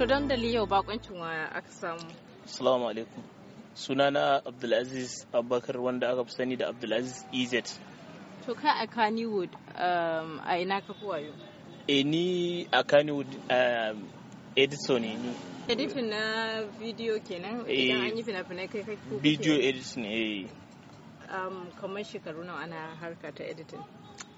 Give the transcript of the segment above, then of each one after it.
To don dali yau bakoncin waya aka samu. Assalamu alaikum. Sunana Abdulaziz Abubakar wanda aka fi sani da Abdulaziz EZ. To kai a Kannywood um, a ina ka kuwa yau? E ni a Kannywood um, Edison ne ni. Editor na video kenan e, idan an yi fina-finai kai kai kuka Video edison ne um, kamar shekaru nawa ana harka ta editing?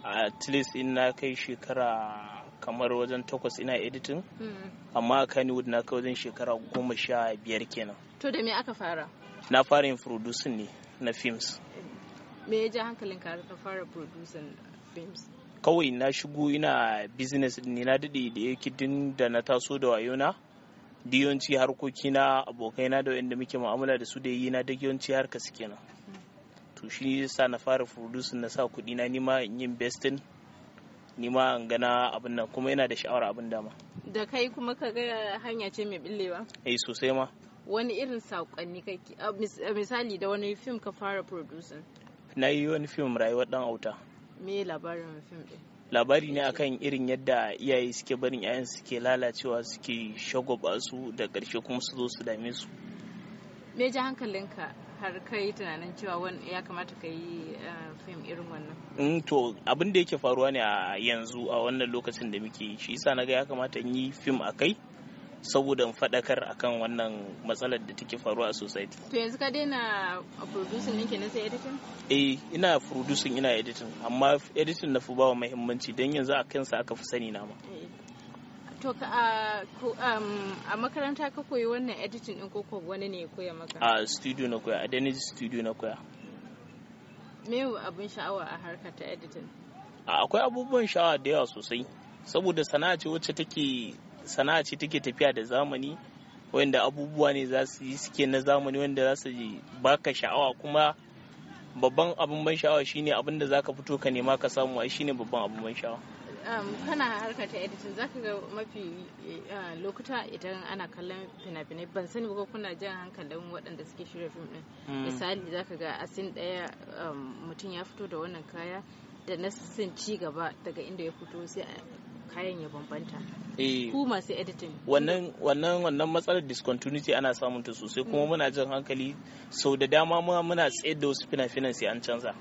At least in na kai shekara kamar wajen takwas ina editing hmm. amma a kannywood na kai wajen shekara goma sha biyar kenan to da me aka fara na fara yin producing ne na films me ya ja hankalin ka ka fara producing films kawai na shigo ina business ne na dade da yake din da na taso da wayona diyonci harkoki na abokaina da wanda muke mu'amala da su da yi na dagiyonci harka su kenan hmm. to shi yasa na fara producing na sa kuɗi na nima in yin bestin. ni ma an gana abin nan kuma yana da sha'awar abin dama da kai kuma ka ga hanya ce mai billewa eh sosai ma wani irin saƙonni kake misali da wani fim ka fara producing na yi wani fim rayuwar dan auta me labarin fim din labari ne akan irin yadda iyaye suke barin 'ya'yansu suke lalacewa suke shagwaba su da ƙarshe kuma su zo su dame su me ji hankalinka har kai tunanin cewa ya kamata ka yi eh, fim irin wannan mm, to abin da yake faruwa ne a yanzu a wannan lokacin da muke yi shi yasa naga ya kamata in yi fim a kai saboda faɗakar akan wannan matsalar da take faruwa a society to yanzu ka daina producing ɗinki na sai editing eh ina producing ina editing amma editing na fi bawa muhimmanci don yanzu a kansa aka fi sani na ma eh, to a makaranta ka koyi wannan editing din koko wani ne ya koya maka a studio na koya a dennis studio na koya me abin sha'awa a harkar ta editing akwai abubuwan sha'awa da yawa sosai saboda sana'a ce wacce take sana'a ce take tafiya da zamani wanda abubuwa ne za su yi suke na zamani wanda za su baka sha'awa kuma babban abin ban sha'awa shine abin da zaka fito ka nema ka samu ai shine babban abin ban sha'awa Um, kana harka ta editing zaka ga mafi eh, lokuta idan ana kallon fina-finai ban sani ba kuna jan hankalin waɗanda suke shirya fim din mm. misali zaka ga asin daya um, mutum ya fito da wannan kaya da na sun ci gaba daga inda ya fito sai kayan ya bambanta eh. ku masu editing wannan wannan matsalar discontinuity ana samun ta sosai kuma mm. muna jan hankali sau da dama muna tsayar da wasu fina-finan sai an canza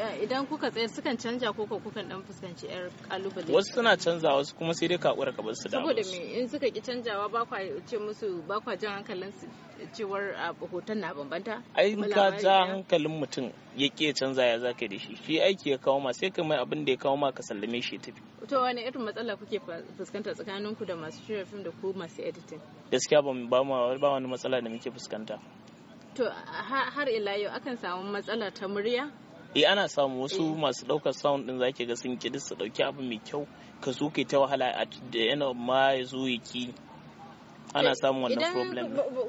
Eh, idan kuka tsayar sukan canja ko kukan dan fuskanci yar kalubale wasu suna canza wasu kuma sai dai kakura ka su da saboda me in suka ki canjawa ba kwa ce musu ba kwa jan hankalin su cewar hoton na bambanta ai in ka ja hankalin mutum ya ki canza ya zaka da shi shi aiki ya kawo ma sai kai mai abin da ya kawo ma ka sallame shi tafi to wani irin matsala kuke fuskanta tsakanin ku da masu shirya fim da ku masu editing gaskiya ba ba wani matsala da muke fuskanta to har ila yau akan samu matsala ta murya eh ana samu wasu eh. masu daukar sound din zaki ga sun kidi su dauki abu mai kyau ka zo kai ta wahala a da yana ma ya zo ya ki ana eh, samun wannan problem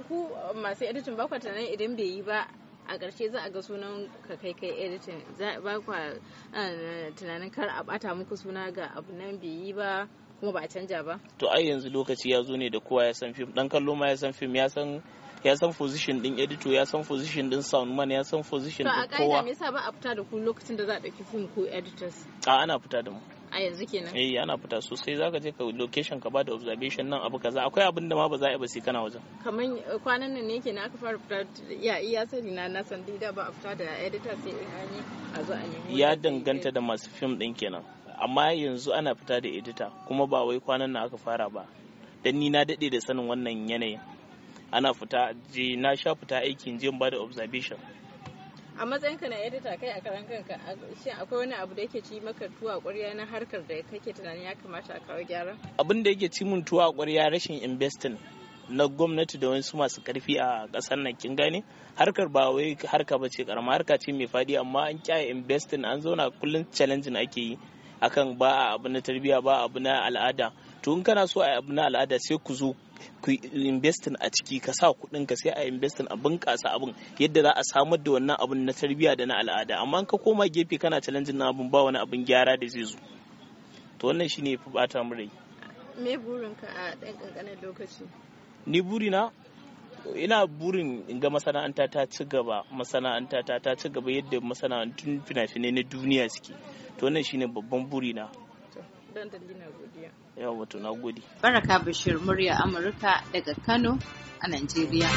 ku masu editing ba ku tunanin idan bai yi ba a ƙarshe za a ga sunan ka kai kai editing ba ku eh, tunanin kar a bata muku suna ga abu nan bai yi ba kuma ba a canja ba to ai yanzu lokaci ya zo ne da kowa ya san fim dan kallo ma ya san fim ya san ya san position din editor ya san position din sound man ya san position din kowa to a kaida me yasa ba a fita da ku lokacin da za a dauki fim ko editors a ana fita da mu a yanzu kenan eh ana fita sosai zaka je ka location ka bada observation nan abu kaza akwai abin da ma ba za a yi ba sai kana wajen kaman eh, kwanan nan ne kenan aka fara fita ya iya sani na na san da ba a fita da editor sai in an yi a zo a nemi ya danganta da masu fim din kenan amma yanzu ana fita da edita kuma ba wai kwanan na aka fara ba dan ni na daɗe da sanin wannan yanayin ana fita je na sha fita aikin je ba da observation a matsayinka na edita kai a karan kanka shin akwai wani abu da yake ci maka tuwa ƙwarya na harkar da kake tunanin ya kamata a kawo gyara abin da yake ci mun tuwa ƙwarya rashin investing na gwamnati da wasu masu karfi a ƙasar nan kin gane harkar ba wai harka ba ce karama harka ce mai faɗi amma an kyaye investing an zauna kullum challenging ake yi akan ba abu na tarbiyya ba abu na al'ada to in kana so a abu na al'ada sai ku zo ku investin a ciki ka sa kuɗin ka sai a investin a bunƙasa abin yadda za a samar da wannan abin na tarbiyya da na al'ada amma ka koma gefe kana challenge na abin ba wani abin gyara da zai zo to wannan shine ya fi bata mu rai me burinka a ɗan ƙanƙanin lokaci ni burina ina burin in ga masana'anta ta ci gaba masana'anta ta ci gaba yadda masana'antun fina-finai na duniya suke to wannan shine babban buri na wato na gode baraka bashir murya amurka daga kano a najeriya